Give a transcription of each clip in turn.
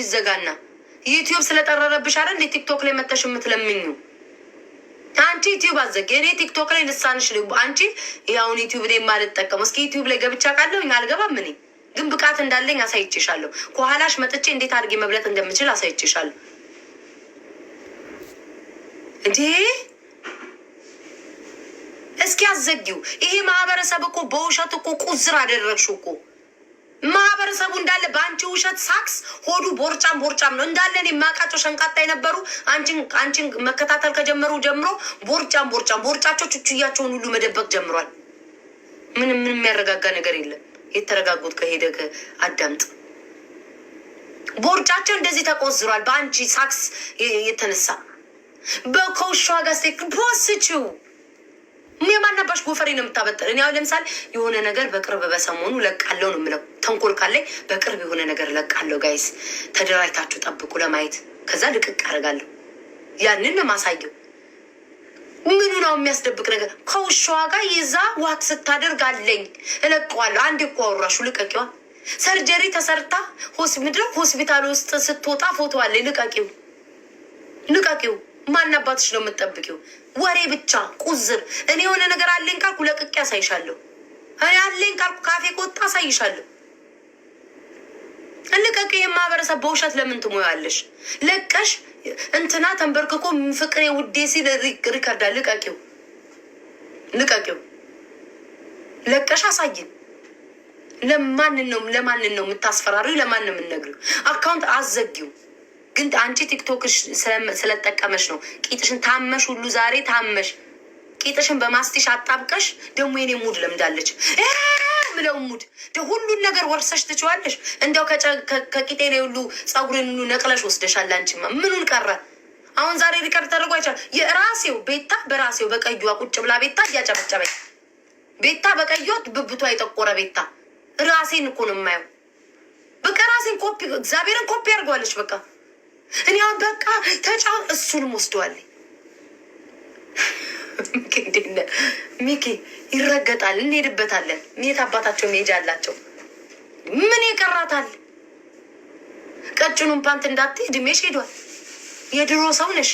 ይዘጋና ዩትዩብ ስለጠረረብሽ አለ እንዴ ቲክቶክ ላይ መተሽ የምትለምኙ? አንቺ ዩትዩብ አዘጊ። እኔ ቲክቶክ ላይ ልሳንሽ ል አንቺ ያሁን ዩትዩብ ላይ የማልጠቀሙ እስኪ ዩቲዩብ ላይ ገብቻ ካለው አልገባም። እኔ ግን ብቃት እንዳለኝ አሳይቼሻለሁ። ከኋላሽ መጥቼ እንዴት አድርጌ መብለጥ እንደምችል አሳይቼሻለሁ። እንዴ እስኪ አዘጊው። ይሄ ማህበረሰብ እኮ በውሸት እኮ ቁዝር አደረግሽው እኮ ማህበረሰቡ እንዳለ በአንቺ ውሸት ሳክስ ሆዱ ቦርጫም ቦርጫም ነው እንዳለ። እኔ የማውቃቸው ሸንቃጣ የነበሩ አንቺን አንቺን መከታተል ከጀመሩ ጀምሮ ቦርጫም ቦርጫም ቦርጫቸው ችችያቸውን ሁሉ መደበቅ ጀምሯል። ምንም ምን የሚያረጋጋ ነገር የለም። የተረጋጉት ከሄደ አዳምጥ። ቦርጫቸው እንደዚህ ተቆዝሯል በአንቺ ሳክስ የተነሳ በኮሻ ጋር ቦስችው እኔ ማናባሽ ጎፈሬ ነው የምታበጥር። እኔ አሁን ለምሳሌ የሆነ ነገር በቅርብ በሰሞኑ ለቃለው ነው የምለው። ተንኮል ካለኝ በቅርብ የሆነ ነገር ለቃለው። ጋይስ ተደራጅታችሁ ጠብቁ ለማየት። ከዛ ልቅቅ አደርጋለሁ። ያንን ለማሳየው ምኑ ነው የሚያስደብቅ ነገር? ከውሻዋ ጋር ይዛ ዋክ ስታደርግ አለኝ እለቀዋለሁ። አንዴ እኮ አወራሹ ልቀቂዋ። ሰርጀሪ ተሰርታ ምድረ ሆስፒታል ውስጥ ስትወጣ ፎቶ አለኝ። ልቀቂው፣ ልቀቂው። አባትሽ ነው የምጠብቂው ወሬ ብቻ ቁዝር። እኔ የሆነ ነገር አለኝ ካልኩ ለቅቄ አሳይሻለሁ። እኔ አለኝ ካልኩ ካፌ ቆጣ አሳይሻለሁ። እንቀቅ። ይህን ማህበረሰብ በውሸት ለምን ትሞያለሽ? ለቀሽ እንትና ተንበርክኮ ፍቅሬ ውዴ ሲል ሪከርዳ ልቀቂው፣ ልቀቂው። ለቀሽ አሳይን። ለማንን ነው ለማንን ነው የምታስፈራሪው? ለማን ነው አካውንት አዘጊው። ግን አንቺ ቲክቶክሽ ስለጠቀመሽ ነው። ቂጥሽን ታመሽ ሁሉ ዛሬ ታመሽ ቂጥሽን በማስቲሽ አጣብቀሽ ደግሞ የኔ ሙድ ለምዳለች ምለው ሙድ ሁሉን ነገር ወርሰሽ ትችዋለሽ። እንደው ከቂጤ ላይ ሁሉ ፀጉሬን ሁሉ ነቅለሽ ወስደሻል። አንቺማ ምኑን ቀረ? አሁን ዛሬ ሪከርድ ተደርጎ አይቻል። የራሴው ቤታ በራሴው በቀዩዋ ቁጭ ብላ ቤታ እያጨበጨበኝ ቤታ በቀዩት ብብቷ የጠቆረ ቤታ ራሴን እኮ ነው የማየው። በቃ ራሴን ኮፒ እግዚአብሔርን ኮፒ አድርገዋለች በቃ እኔ በቃ ተጫ እሱንም ወስደዋለኝ። ሚኪ ይረገጣል፣ እንሄድበታለን። የት አባታቸው መሄጃ አላቸው? ምን ይቀራታል? ቀጭኑን ፓንት እንዳትይ እድሜሽ ሄዷል። የድሮ ሰው ነሽ።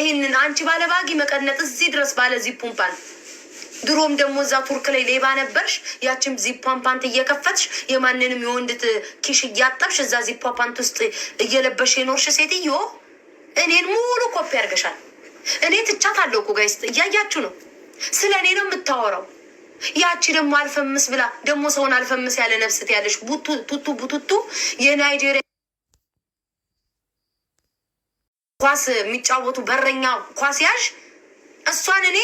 ይህንን አንቺ ባለ ባጊ መቀነጥ እዚህ ድረስ ባለ ዚፑን ድሮም ደግሞ እዛ ቱርክ ላይ ሌባ ነበርሽ። ያችም ዚፓን ፓንት እየከፈትሽ የማንንም የወንድት ኪሽ እያጠብሽ እዛ ዚፓ ፓንት ውስጥ እየለበሽ የኖርሽ ሴትዮ እኔን ሙሉ ኮፒ ያርገሻል። እኔ ትቻት አለው እኮ ጋይስ፣ እያያችሁ ነው። ስለ እኔ ነው የምታወራው። ያቺ ደግሞ አልፈምስ ብላ ደግሞ ሰውን አልፈምስ ያለ ነፍስት ያለሽ ቡቱቱ ቡቱቱ የናይጄሪያ ኳስ የሚጫወቱ በረኛ ኳስ ያዥ እሷን እኔ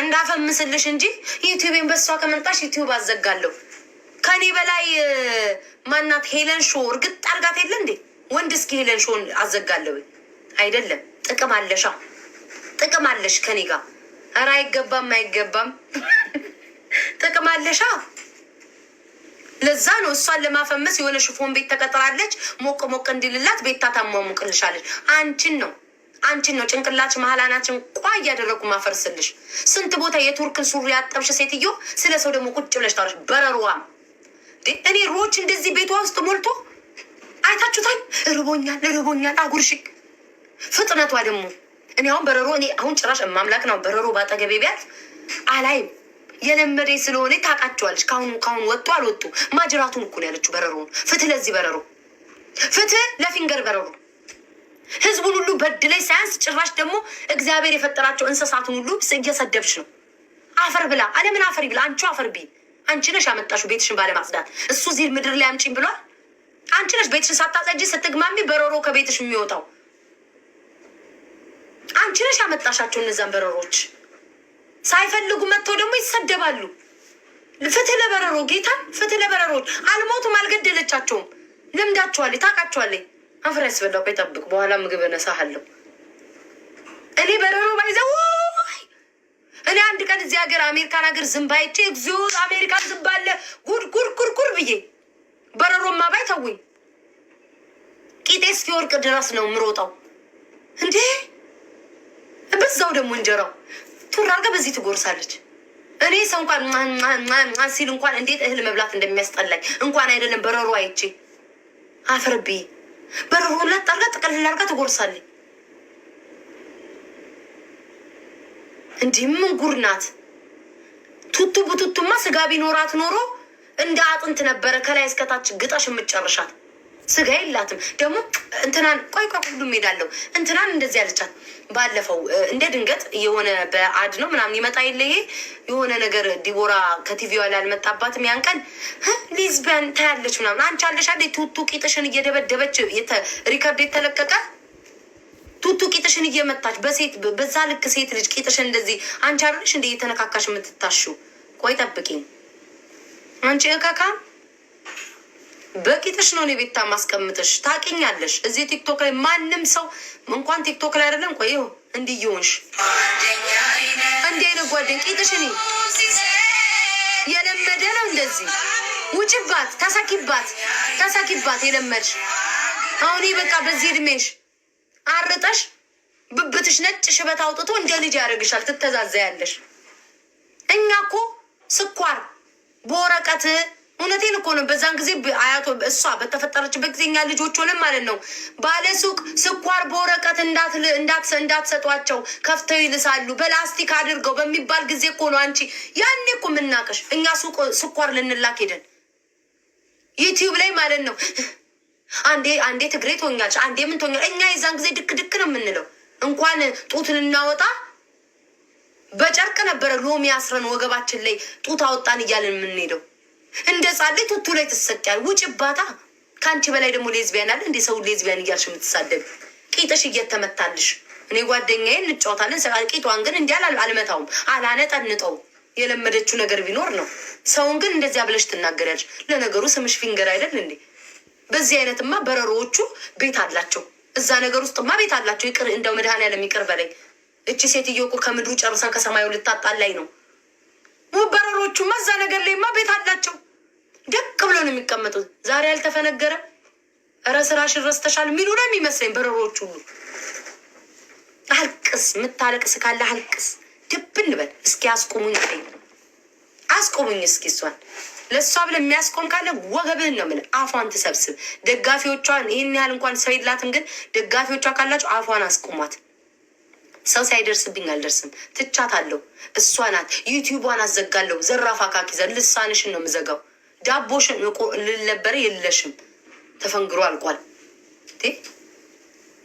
እንዳፈምስልሽ እንጂ ዩቲዩብን በሷ ከመንጣሽ ዩቲዩብ አዘጋለሁ። ከኔ በላይ ማናት ሄለን ሾ እርግጥ አርጋት የለ እንዴ ወንድ እስኪ ሄለን ሾን አዘጋለሁ። አይደለም ጥቅም አለሻ ጥቅም አለሽ ከኔ ጋር ኧረ አይገባም አይገባም ጥቅም አለሻ። ለዛ ነው እሷን ለማፈመስ የሆነ ሽፎን ቤት ተቀጥራለች። ሞቅ ሞቅ እንዲልላት ቤታ ታሟሙቅልሻለች። አንቺን ነው አንቺን ነው ጭንቅላች መሀል አናችን ቋ እያደረጉ ማፈርስልሽ። ስንት ቦታ የቱርክን ሱሪ ያጠብሽ ሴትዮ፣ ስለ ሰው ደግሞ ቁጭ ብለሽ ታወራሽ። በረሯም እኔ ሮች እንደዚህ ቤቷ ውስጥ ሞልቶ አይታችሁታል። ርቦኛል፣ ርቦኛል አጉርሽ። ፍጥነቷ ደግሞ እኔ አሁን በረሮ እኔ አሁን ጭራሽ ማምላክ ነው በረሮ ባጠገቤ ቢያት አላይም። የለመደ ስለሆነ ታውቃቸዋለች። ካሁን ሁን ወጡ አልወጡ ማጅራቱን እኮ ነው ያለችው በረሮ ፍትህ ለዚህ በረሮ፣ ፍትህ ለፊንገር በረሮ። ህዝቡን ሁሉ ላይ ሳያንስ ጭራሽ ደግሞ እግዚአብሔር የፈጠራቸው እንስሳትን ሁሉ እየሰደብሽ ነው። አፈር ብላ አለምን አፈር ይብላ። አንቺ አፈር ቢ አንቺ ነሽ ያመጣሽው ቤትሽን ባለማጽዳት። እሱ እዚህ ምድር ላይ አምጪኝ ብሏል። አንቺ ነሽ ቤትሽን ሳታጸጂ ስትግማሚ በረሮ ከቤትሽ የሚወጣው አንቺ ነሽ ያመጣሻቸው። እነዛን በረሮች ሳይፈልጉ መጥተው ደግሞ ይሰደባሉ። ፍትህ ለበረሮ ጌታ፣ ፍትህ ለበረሮች። አልሞቱም፣ አልገደለቻቸውም። ልምዳቸዋለ ታውቃችኋለች። አፍራ ያስበላው። ቆይ ጠብቅ፣ በኋላ ምግብ እነሳሃለሁ። እኔ በረሮ ባይዘው እኔ አንድ ቀን እዚህ ሀገር አሜሪካን ሀገር ዝንባ አይቼ እግዚኦ አሜሪካን ዝንባ አለ ጉድ ጉድ ጉድ ጉድ ብዬ በረሮ ማባይ ተውኝ። ቂጤ እስኪወርቅ ድረስ ነው ምሮጠው እንዴ። በዛው ደግሞ እንጀራው ቱራርገ አድርጋ በዚህ ትጎርሳለች። እኔ ሰው እንኳን ሲል እንኳን እንዴት እህል መብላት እንደሚያስጠላኝ እንኳን አይደለም በረሮ አይቼ አፈርብዬ በር ሁለት አርጋ ጥቅልል አርጋ ትጎርሳለች። እንዲህ ምን ጉር ናት? ቱቱ ቡቱቱማ ስጋ ቢኖራት ኖሮ እንደ አጥንት ነበረ ከላይ እስከታች ግጣሽ የምትጨርሻት። ስጋ የላትም ደግሞ እንትናን ቆይ ቆይ ሁሉ ሄዳለሁ እንትናን እንደዚህ ያለቻት ባለፈው እንደ ድንገት የሆነ በአድ ነው ምናምን ይመጣ የለ ይሄ የሆነ ነገር ዲቦራ ከቲቪ ላይ አልመጣባትም። ያን ቀን ሊዝበን ታያለች ምናምን አንቺ አለሽ አለ ቱቱ ቂጥሽን እየደበደበች ሪከርድ የተለቀቀ ቱቱ ቂጥሽን እየመታች በሴት በዛ ልክ ሴት ልጅ ቂጥሽን እንደዚህ አንቺ አለሽ እንደ እየተነካካሽ የምትታሹ ቆይ ጠብቂኝ አንቺ እካካ በቂትሽ ነው እኔ ቤታ ማስቀምጥሽ። ታውቂኛለሽ፣ እዚህ ቲክቶክ ላይ ማንም ሰው እንኳን ቲክቶክ ላይ አይደለም። ቆይ ይኸው እንዲህ እየሆንሽ እንዲህ አይነት ጓደኝ ቂጥሽ እኔ የለመደ ነው እንደዚህ። ውጭባት፣ ተሳኪባት፣ ተሳኪባት የለመድሽ አሁን በቃ በዚህ እድሜሽ አርጠሽ ብብትሽ ነጭ ሽበት አውጥቶ እንደ ልጅ ያደርግሻል። ትተዛዘያለሽ። እኛ እኮ ስኳር በወረቀት እውነቴን እኮ ነው። በዛን ጊዜ አያቶ እሷ በተፈጠረችበት ጊዜ እኛ ልጆች ሆነን ማለት ነው ባለሱቅ ስኳር በወረቀት እንዳትሰጧቸው ከፍተው ይልሳሉ በላስቲክ አድርገው በሚባል ጊዜ እኮ ነው። አንቺ ያኔ እኮ የምናቀሽ እኛ ሱቅ ስኳር ልንላክ ሄደን ዩቲዩብ ላይ ማለት ነው። አንዴ አንዴ ትግሬ ትሆኛለች፣ አንዴ ምን ትሆኛለች። እኛ የዛን ጊዜ ድክ ድክ ነው የምንለው። እንኳን ጡት ልናወጣ በጨርቅ ነበረ ሎሚ አስረን ወገባችን ላይ ጡት አወጣን እያለን የምንሄደው። እንደ ጻለ ቱቱ ላይ ትሰቂያል። ውጭ ባታ ከአንቺ በላይ ደግሞ ሌዝቢያን አለ እንዴ? ሰው ሌዝቢያን እያልሽ የምትሳደብ ቂጥሽ እየተመታልሽ። እኔ ጓደኛዬ እንጫወታለን። ቂጧን ግን እንዲህ አልመታውም፣ አላነጠንጠው። የለመደችው ነገር ቢኖር ነው። ሰውን ግን እንደዚያ ብለሽ ትናገሪያለሽ። ለነገሩ ስምሽ ፊንገር አይደል እንዴ? በዚህ አይነትማ በረሮዎቹ ቤት አላቸው። እዛ ነገር ውስጥማ ቤት አላቸው። ይቅር እንደው መድኃኔዓለም ይቅር በለኝ። እቺ ሴትዮ እኮ ከምድሩ ጨርሳ ከሰማዩ ልታጣላይ ነው። ጨረሮቹማ መዛ ነገር ላይማ ቤት አላቸው። ደቅ ብሎ ነው የሚቀመጡት። ዛሬ ያልተፈነገረ እረ ረስተሻል የሚሉ ነው የሚመስለኝ በረሮቹ ሁሉ። አልቅስ፣ የምታለቅስ ካለ አልቅስ፣ ድብ በል እስኪ። አስቆሙኝ፣ አስቆሙኝ እስኪ እሷን ለእሷ ብለ የሚያስቆም ካለ ወገብህን ነው ምን አፏን ትሰብስብ። ደጋፊዎቿን ይህን ያህል እንኳን ሰው የላትም፣ ግን ደጋፊዎቿ ካላቸው አፏን አስቆሟት። ሰው ሳይደርስብኝ አልደርስም። ትቻታለሁ። እሷ ናት። ዩቲዩቧን አዘጋለሁ። ዘራፍ አካኪዘ ልሳንሽን ነው የምዘጋው። ዳቦሽን ልነበረ የለሽም። ተፈንግሮ አልቋል።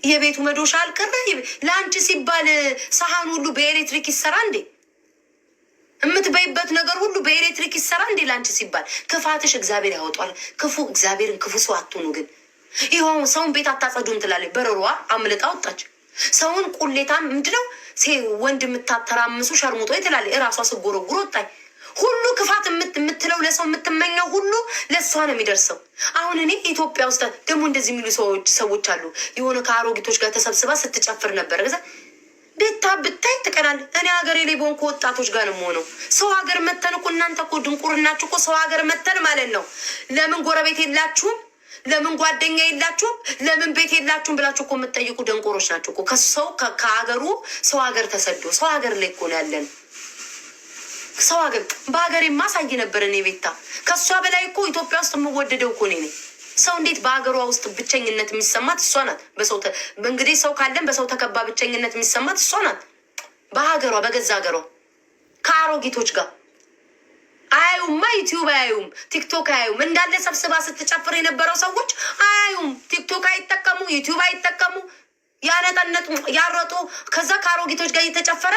የቤቱ መዶሻ አልቀረ። ለአንቺ ሲባል ሰሃን ሁሉ በኤሌክትሪክ ይሰራ እንዴ? የምትበይበት ነገር ሁሉ በኤሌክትሪክ ይሰራ እንዴ? ለአንቺ ሲባል ክፋትሽ እግዚአብሔር ያወጧል። ክፉ እግዚአብሔርን ክፉ ሰው አትሆኑ ግን ይኸው ሰውን ቤት አታጸዱም ትላለች። በረሯ አምልጣ ወጣች። ሰውን ቁሌታ ምንድነው ወንድ የምታተራምሱ ሸርሙጦ ትላለች። እራሷ ስጎረጉሮ ወጣኝ ሁሉ ክፋት የምትለው ለሰው የምትመኘው ሁሉ ለእሷ ነው የሚደርሰው። አሁን እኔ ኢትዮጵያ ውስጥ ደግሞ እንደዚህ የሚሉ ሰዎች ሰዎች አሉ። የሆነ ከአሮጊቶች ጋር ተሰብስባ ስትጨፍር ነበር ዛ ቤታ ብታይ ትቀናል። እኔ ሀገር ላይ በሆንኩ ወጣቶች ጋር ነው የምሆነው። ሰው ሀገር መተን እኮ እናንተ እኮ ድንቁርናችሁ እኮ ሰው ሀገር መተን ማለት ነው። ለምን ጎረቤት የላችሁም? ለምን ጓደኛ የላችሁም፣ ለምን ቤት የላችሁም ብላችሁ እኮ የምትጠይቁ ደንቆሮች ናቸው እኮ ከሰው ከሀገሩ ሰው ሀገር ተሰዶ ሰው ሀገር ላይ እኮ ነው ያለን። ሰው ሀገር በሀገር የማሳይ ነበር እኔ ቤታ። ከእሷ በላይ እኮ ኢትዮጵያ ውስጥ የምወደደው እኮ እኔ ነኝ። ሰው እንዴት በሀገሯ ውስጥ ብቸኝነት የሚሰማት እሷ ናት። በሰው እንግዲህ ሰው ካለን በሰው ተከባ ብቸኝነት የሚሰማት እሷ ናት። በሀገሯ በገዛ ሀገሯ ከአሮጊቶች ጋር አያዩማ ዩቲዩብ አያዩም፣ ቲክቶክ አያዩም። እንዳለ ሰብስባ ስትጨፍር የነበረው ሰዎች አያዩም። ቲክቶክ አይጠቀሙ፣ ዩቲዩብ አይጠቀሙ። ያነጠነጡ ያረጡ፣ ከዛ ከአሮጊቶች ጋር እየተጨፈረ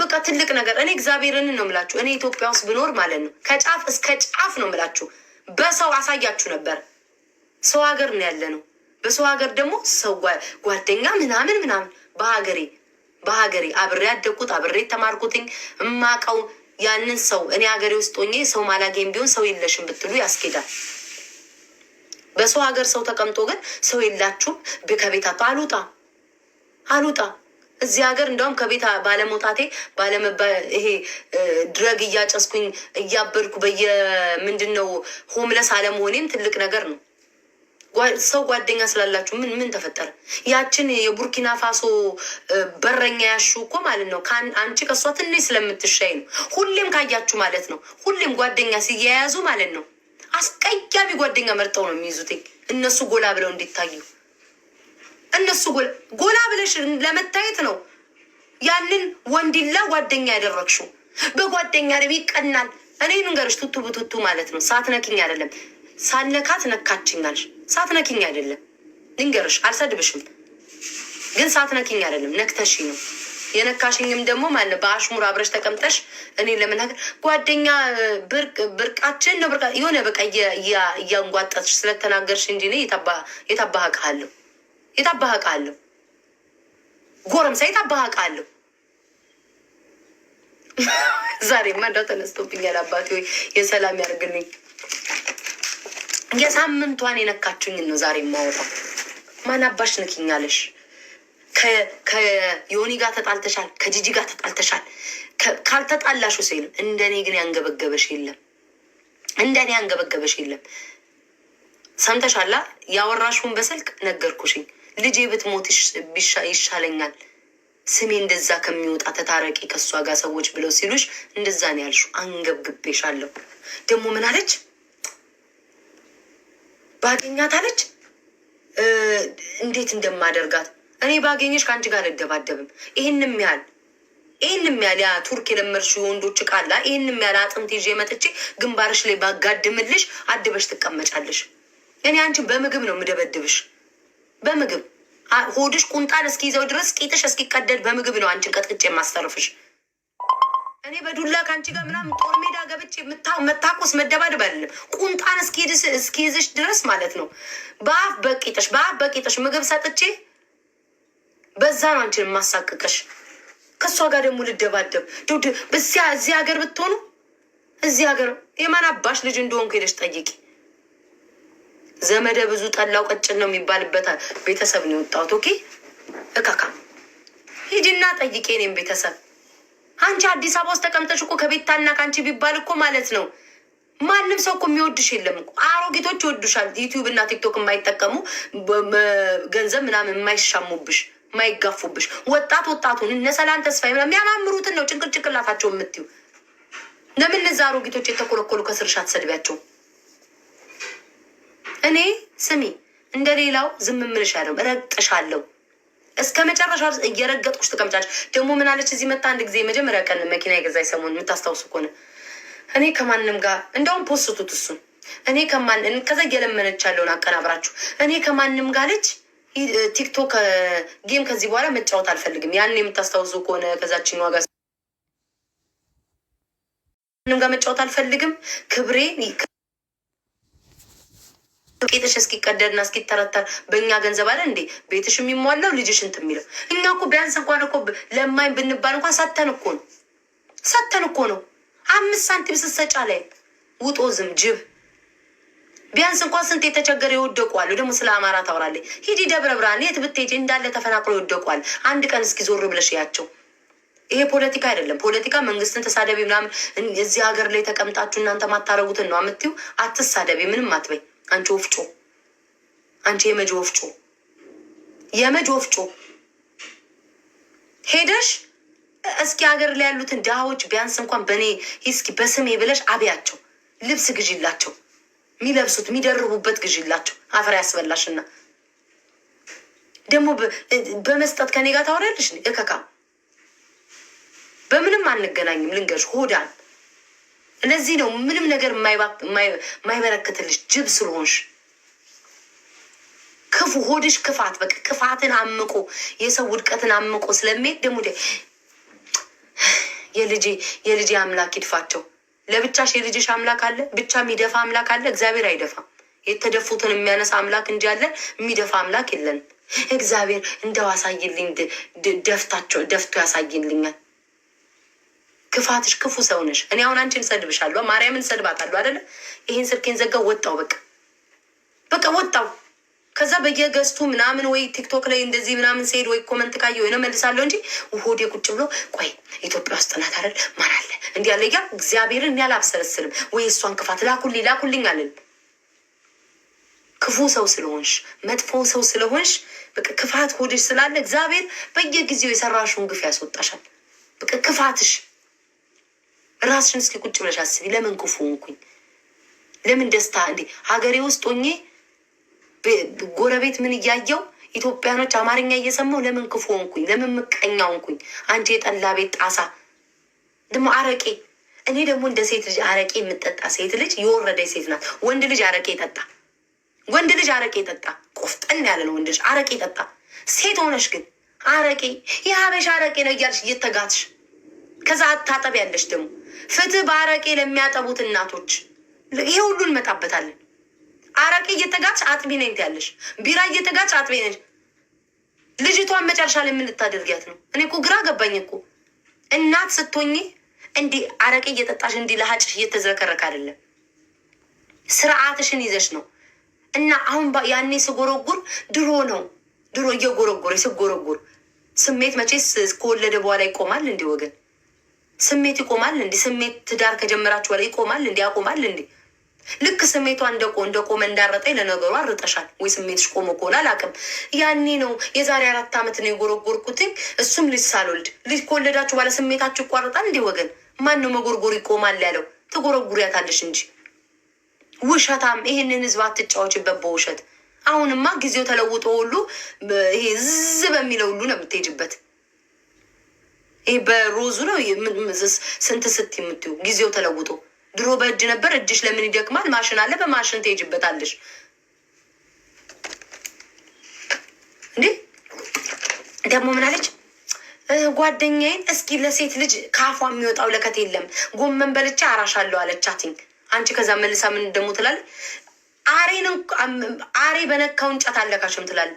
በቃ ትልቅ ነገር። እኔ እግዚአብሔርን ነው ምላችሁ፣ እኔ ኢትዮጵያ ውስጥ ብኖር ማለት ነው ከጫፍ እስከ ጫፍ ነው የምላችሁ። በሰው አሳያችሁ ነበር። ሰው ሀገር ነው ያለ ነው። በሰው ሀገር ደግሞ ሰው ጓደኛ ምናምን ምናምን። በሀገሬ በሀገሬ አብሬ ያደግኩት አብሬ የተማርኩትኝ እማቀው ያንን ሰው እኔ ሀገሬ ውስጥ ሆኜ ሰው ማላገኝ ቢሆን ሰው የለሽም ብትሉ ያስኬዳል። በሰው ሀገር ሰው ተቀምጦ ግን ሰው የላችሁም ከቤት አቶ አሉጣ አሉጣ እዚህ ሀገር እንደውም ከቤት ባለመውጣቴ ይሄ ድረግ እያጨስኩኝ እያበድኩ በየምንድን ነው ሆምለስ አለመሆኔም ትልቅ ነገር ነው። ሰው ጓደኛ ስላላችሁ ምን ምን ተፈጠረ? ያችን የቡርኪና ፋሶ በረኛ ያሹ እኮ ማለት ነው። አንቺ ከእሷ ትንሽ ስለምትሻይ ነው። ሁሌም ካያችሁ ማለት ነው። ሁሌም ጓደኛ ሲያያዙ ማለት ነው። አስቀያሚ ጓደኛ መርጠው ነው የሚይዙት። እነሱ ጎላ ብለው እንዲታዩ እነሱ ጎላ ብለሽ ለመታየት ነው ያንን ወንዲላ ጓደኛ ያደረግሽው። በጓደኛ ደብ ይቀናል። እኔ ንገርሽ ቱቱ ብቱቱ ማለት ነው። ሳትነኪኝ አይደለም ሳነካት ነካችኛል። ሳትነኪኝ አይደለም። ልንገርሽ፣ አልሰድብሽም፣ ግን ሳትነኪኝ አይደለም፣ ነክተሽ ነው። የነካሽኝም ደግሞ ማለት በአሽሙር አብረሽ ተቀምጠሽ እኔ ለመናገር ጓደኛ ብርቃችን ነው ብርቃ የሆነ በቃ እያንጓጠጥሽ ስለተናገርሽ እንዲ ነ የታባሃቃለሁ የታባሃቃለሁ ጎረምሳ የታባሃቃለሁ። ዛሬማ እንዳው ተነስቶብኛል። አባቴ ወይ የሰላም ያርግልኝ። የሳምንቷን የነካችሁኝ ነው ዛሬ የማወጣው። ማን አባሽ ንኪኛለሽ? ከዮኒ ጋር ተጣልተሻል፣ ከጂጂ ጋር ተጣልተሻል። ካልተጣላሽ ሴል እንደኔ ግን ያንገበገበሽ የለም። እንደኔ ያንገበገበሽ የለም። ሰምተሻላ? ያወራሽውን በስልክ ነገርኩሽኝ። ልጄ ብትሞት ይሻለኛል ስሜ እንደዛ ከሚወጣ ተታረቂ ከእሷ ጋር ሰዎች ብለው ሲሉሽ እንደዛ ነው ያልሽው። አንገብግቤሻለሁ ደግሞ ምን አለች? ባገኛት አለች እንዴት እንደማደርጋት እኔ ባገኘሽ ከአንቺ ጋር አልደባደብም። ይህንም ያህል ይህንም ያህል ያ ቱርክ የለመድሽ ወንዶች ቃላ ይህንም ያህል አጥንት ይዤ መጥቼ ግንባርሽ ላይ ባጋድምልሽ አድበሽ ትቀመጫለሽ። እኔ አንቺን በምግብ ነው የምደበድብሽ፣ በምግብ ሆድሽ ቁንጣን እስኪይዘው ድረስ ቂጥሽ እስኪቀደድ በምግብ ነው አንቺን ቀጥቅጬ የማስተርፍሽ። እኔ በዱላ ከአንቺ ጋር ምናምን ጦር ሜዳ ገብቼ መታኮስ መደባደብ አይደለም። ቁንጣን እስኪይዝሽ ድረስ ማለት ነው። በአፍ በቂጠሽ በአፍ በቂጠሽ ምግብ ሰጥቼ በዛ ነው አንቺን የማሳቅቀሽ። ከእሷ ጋር ደግሞ ልደባደብ ድ እዚህ ሀገር ብትሆኑ እዚህ ሀገር የማን አባሽ ልጅ እንደሆንኩ ሄደሽ ጠይቂ። ዘመደ ብዙ ጠላው ቀጭን ነው የሚባልበት ቤተሰብ ነው የወጣሁት። ኦኬ እካካ ሂጂና ጠይቄ እኔም ቤተሰብ አንቺ አዲስ አበባ ውስጥ ተቀምጠሽ እኮ ከቤታና ከአንቺ ቢባል እኮ ማለት ነው ማንም ሰው እኮ የሚወድሽ የለም እኮ። አሮጌቶች ይወዱሻል። ዩቲዩብ እና ቲክቶክ የማይጠቀሙ ገንዘብ ምናምን የማይሻሙብሽ የማይጋፉብሽ ወጣት ወጣቱን እነ ሰላም ተስፋ የሚያማምሩትን ነው ጭንቅል ጭንቅላታቸው የምትዩ። ለምን እነዛ አሮጌቶች የተኮለኮሉ ከስርሽ አትሰድቢያቸው? እኔ ስሚ፣ እንደሌላው ዝም እስከ መጨረሻ እየረገጥኩሽ ትቀምጫለሽ። ደግሞ ምን አለች? እዚህ መታ አንድ ጊዜ መጀመሪያ ቀን መኪና የገዛች ሰሞን የምታስታውሱ ከሆነ እኔ ከማንም ጋር እንደውም ፖስቱት እሱን እኔ ከማን ከዛ እየለመነች ያለውን አቀናብራችሁ እኔ ከማንም ጋር አለች ቲክቶክ ጌም ከዚህ በኋላ መጫወት አልፈልግም። ያን የምታስታውሱ ከሆነ ከዛችን ዋጋ ጋር መጫወት አልፈልግም ክብሬ ጌጥሽ እስኪቀደድና እስኪተረተር በእኛ ገንዘብ አለ እንዴ ቤትሽ የሚሟላው ልጅሽ እንትን የሚለው። እኛ እኮ ቢያንስ እንኳን እኮ ለማኝ ብንባል እንኳን ሰተን እኮ ነው ሰተን እኮ ነው። አምስት ሳንቲም ስትሰጫ ላይ ውጦ ዝም ጅብ። ቢያንስ እንኳን ስንት የተቸገረ የወደቋሉ። ደግሞ ስለ አማራ ታወራለች። ሂዲ ደብረ ብርሃን የት ብትሄጂ እንዳለ ተፈናቅሎ ይወደቋል። አንድ ቀን እስኪ ዞር ብለሽ ያቸው። ይሄ ፖለቲካ አይደለም። ፖለቲካ መንግስትን ተሳደቢ ምናምን፣ እዚህ ሀገር ላይ ተቀምጣችሁ እናንተ ማታረጉትን ነው የምትይው። አትሳደቢ፣ ምንም አትበይ። አንቺ ወፍጮ፣ አንቺ የመጅ ወፍጮ፣ የመጅ ወፍጮ ሄደሽ እስኪ ሀገር ላይ ያሉትን ድሃዎች ቢያንስ እንኳን በእኔ ይስኪ በስሜ ብለሽ አብያቸው፣ ልብስ ግዢላቸው፣ የሚለብሱት የሚደርቡበት ግዢላቸው። አፈር ያስበላሽና ደግሞ በመስጠት ከኔ ጋር ታወሪያለሽ። እከካ በምንም አንገናኝም። ልንገርሽ ሆዳን ለዚህ ነው ምንም ነገር የማይበረክትልሽ ጅብ ስለሆንሽ። ክፉ ሆድሽ ክፋት በቃ ክፋትን አምቆ የሰው ውድቀትን አምቆ ስለሚሄድ ደግሞ የልጄ የልጄ አምላክ ይድፋቸው። ለብቻሽ የልጅሽ አምላክ አለ። ብቻ የሚደፋ አምላክ አለ። እግዚአብሔር አይደፋም። የተደፉትን የሚያነሳ አምላክ እንጂ አለ የሚደፋ አምላክ የለን። እግዚአብሔር እንደው አሳይልኝ፣ ደፍታቸው ደፍቶ ያሳይልኛል ክፋትሽ፣ ክፉ ሰውነሽ። እኔ አሁን አንቺን ሰድብሻለሁ፣ ማርያምን ሰድባታለሁ አይደለ? ይህን ስልኬን ዘጋው፣ ወጣው፣ በቃ በቃ ወጣው። ከዛ በየገዝቱ ምናምን ወይ ቲክቶክ ላይ እንደዚህ ምናምን ስሄድ ወይ ኮመንት ካየ ወይ መልሳለሁ እንጂ ሆዴ ቁጭ ብሎ ቆይ ኢትዮጵያ ውስጥ ናት አይደል ማን አለ እንዲህ ያለ እያ እግዚአብሔርን እኔ አላብሰለስልም ወይ እሷን ክፋት ላኩልኝ ላኩልኝ አለን። ክፉ ሰው ስለሆንሽ መጥፎ ሰው ስለሆንሽ በቃ ክፋት ሆድሽ ስላለ እግዚአብሔር በየጊዜው የሰራሽውን ግፍ ያስወጣሻል። በቃ ክፋትሽ ራስሽን እስኪ ቁጭ ብለሽ አስቢ። ለምን ክፉ ሆንኩኝ? ለምን ደስታ እንዴ ሀገሬ ውስጥ ሆኜ ጎረቤት ምን እያየው ኢትዮጵያኖች አማርኛ እየሰማው ለምን ክፉ ሆንኩኝ? ለምን ምቀኛ ሆንኩኝ? አንቺ የጠላ ቤት ጣሳ ደግሞ አረቄ። እኔ ደግሞ እንደ ሴት ልጅ አረቄ የምጠጣ ሴት ልጅ የወረደች ሴት ናት። ወንድ ልጅ አረቄ ጠጣ፣ ወንድ ልጅ አረቄ ጠጣ። ቆፍጠን ያለ ነው ወንድ ልጅ አረቄ ጠጣ። ሴት ሆነሽ ግን አረቄ የሀበሻ አረቄ ነው እያልሽ እየተጋትሽ ከዛ ታጠቢያለሽ። ደግሞ ፍትህ በአረቄ ለሚያጠቡት እናቶች ይሄ ሁሉ እንመጣበታለን። አረቄ እየተጋች አጥቢ ነኝ ትያለሽ፣ ቢራ እየተጋች አጥቢ ነኝ። ልጅቷን መጨረሻ ላይ የምንታደርጊያት ነው? እኔ እኮ ግራ ገባኝ እኮ እናት ስትሆኚ እንዲህ አረቄ እየጠጣሽ እንዲህ ለሀጭሽ እየተዝረከረክ አይደለም፣ ስርዓትሽን ይዘሽ ነው። እና አሁን ያኔ ስጎረጉር ድሮ ነው ድሮ እየጎረጎረ ስጎረጉር ስሜት መቼ ከወለደ በኋላ ይቆማል እንዲህ ወገን ስሜት ይቆማል እንዲ ስሜት ትዳር ከጀመራችሁ በላይ ይቆማል እንዲ ያቆማል እንዲ ልክ ስሜቷ እንደቆ እንደቆመ እንዳረጠኝ ለነገሩ አርጠሻል ወይ ስሜትሽ ቆሞ ከሆነ አላቅም ያኔ ነው የዛሬ አራት ዓመት ነው የጎረጎርኩትኝ እሱም ልጅ ሳልወልድ። ልጅ ከወለዳችሁ ባለ ስሜታችሁ ይቋረጣል እንዴ? ወገን ማን ነው መጎርጎር ይቆማል ያለው? ትጎረጉሪያታለሽ እንጂ ውሸታም። ይህንን ህዝብ አትጫዎችበት በውሸት። አሁንማ ጊዜው ተለውጦ ሁሉ ይሄ ዝ በሚለው ሁሉ ነው የምትሄጅበት። ይሄ በሮዙ ነው። ስንት ስት የምትዩ ጊዜው ተለውጦ ድሮ በእጅ ነበር። እጅሽ ለምን ይደክማል? ማሽን አለ፣ በማሽን ትሄጅበታለሽ። እንዴ ደግሞ ምን አለች ጓደኛዬን? እስኪ ለሴት ልጅ ከአፏ የሚወጣው ለከት የለም። ጎመን በልቻ አራሻለሁ አለቻትኝ። አንቺ ከዛ መልሳ ምን ደግሞ ትላል? አሬ በነካው እንጨት አለካሽም ትላል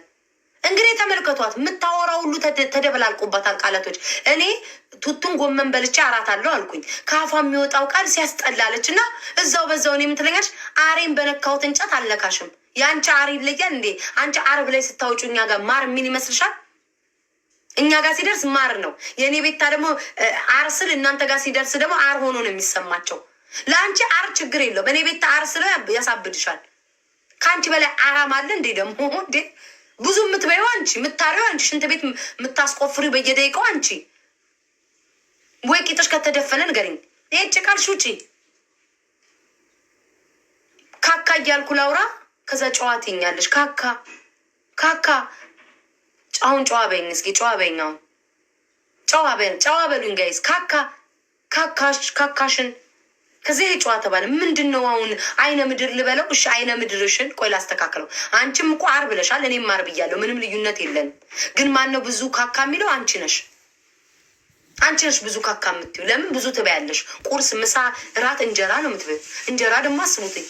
እንግዲህ ተመልከቷት፣ የምታወራ ሁሉ ተደበላልቁባታል ቃላቶች። እኔ ቱቱን ጎመን በልቼ አራት አለው አልኩኝ። ከአፏ የሚወጣው ቃል ሲያስጠላለች እና እዛው በዛው እኔ የምትለኛች አሬን በነካሁት እንጨት አልነካሽም። የአንቺ አሬ ይለያል እንዴ? አንቺ አርብ ላይ ስታወጩ እኛ ጋር ማር ምን ይመስልሻል? እኛ ጋር ሲደርስ ማር ነው። የእኔ ቤታ ደግሞ አር ስል እናንተ ጋር ሲደርስ ደግሞ አር ሆኖ ነው የሚሰማቸው። ለአንቺ አር ችግር የለው። በእኔ ቤታ አር ስለው ያሳብድሻል። ከአንቺ በላይ አራም አለ እንዴ ደግሞ እንዴ ብዙ የምትበይው አንቺ፣ የምታሪው አንቺ፣ ሽንት ቤት የምታስቆፍሪው በየደቂቃው አንቺ። ወይ ቂጥሽ ከተደፈነ ንገሪኝ። ይህጭ ቃልሽ ውጪ ካካ እያልኩ ላውራ፣ ከዛ ጨዋ ትይኛለሽ። ካካ ካካ፣ አሁን ጨዋ በይኝ እስኪ፣ ጨዋ በይኝ አሁን፣ ጨዋ በሉኝ ጋይስ። ካካ ካካሽ ካካሽን ከዚህ የጨዋ ተባለ። ምንድን ነው አሁን አይነ ምድር ልበለው? እሺ አይነ ምድርሽን ቆይ ላስተካክለው። አንቺም እኮ አር ብለሻል፣ እኔም አር ብያለሁ። ምንም ልዩነት የለንም። ግን ማነው ብዙ ካካ የሚለው? አንቺ ነሽ አንቺ ነሽ ብዙ ካካ የምትዩ ለምን ብዙ ትበያለሽ? ቁርስ፣ ምሳ፣ እራት እንጀራ ነው የምትበይው። እንጀራ ደግሞ አስቡትኝ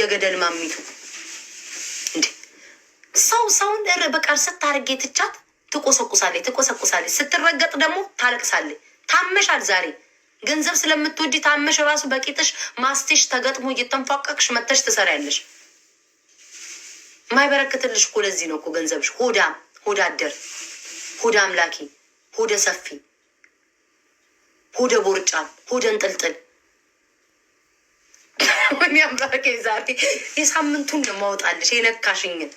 የገደል ማሚቱ እንዴ ሰው ሰውን በቃ ስታርጌ ትቻት ትቆሰቁሳለች፣ ትቆሰቁሳለች። ስትረገጥ ደግሞ ታለቅሳለች። ታመሻል ዛሬ ገንዘብ ስለምትወድ ታመሽ ራሱ በቂጥሽ ማስቲሽ ተገጥሞ እየተንፏቀቅሽ መተሽ ትሰሪያለሽ። ማይበረክትልሽ እኮ ለዚህ ነው እኮ ገንዘብሽ። ሆዳም ሆዳ አደር ሆዳ አምላኪ ሆደ ሰፊ ሆደ ቦርጫም ሆደ እንጥልጥል ምን ያምራከ ዛሬ የሳምንቱን ነው ማውጣልሽ የነካሽኝን